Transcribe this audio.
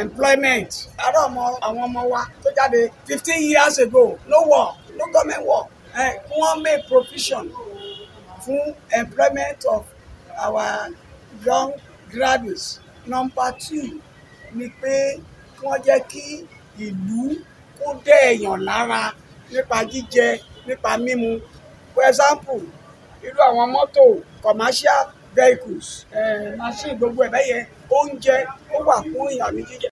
employment àárọ̀ ọmọ àwọn ọmọ wa tó jáde fifteen years ago no work no government work kí wọ́n make provision fún employment of our young graduates number two ni pé kí wọ́n jẹ́ kí ìlú kó dé èèyàn lára nípa jíjẹ nípa mímu for example irú àwọn mọ́tò commercial vehicles machine gbogbo ẹ̀ bẹ́yẹn oúnjẹ ó wà fún èèyàn jíjẹ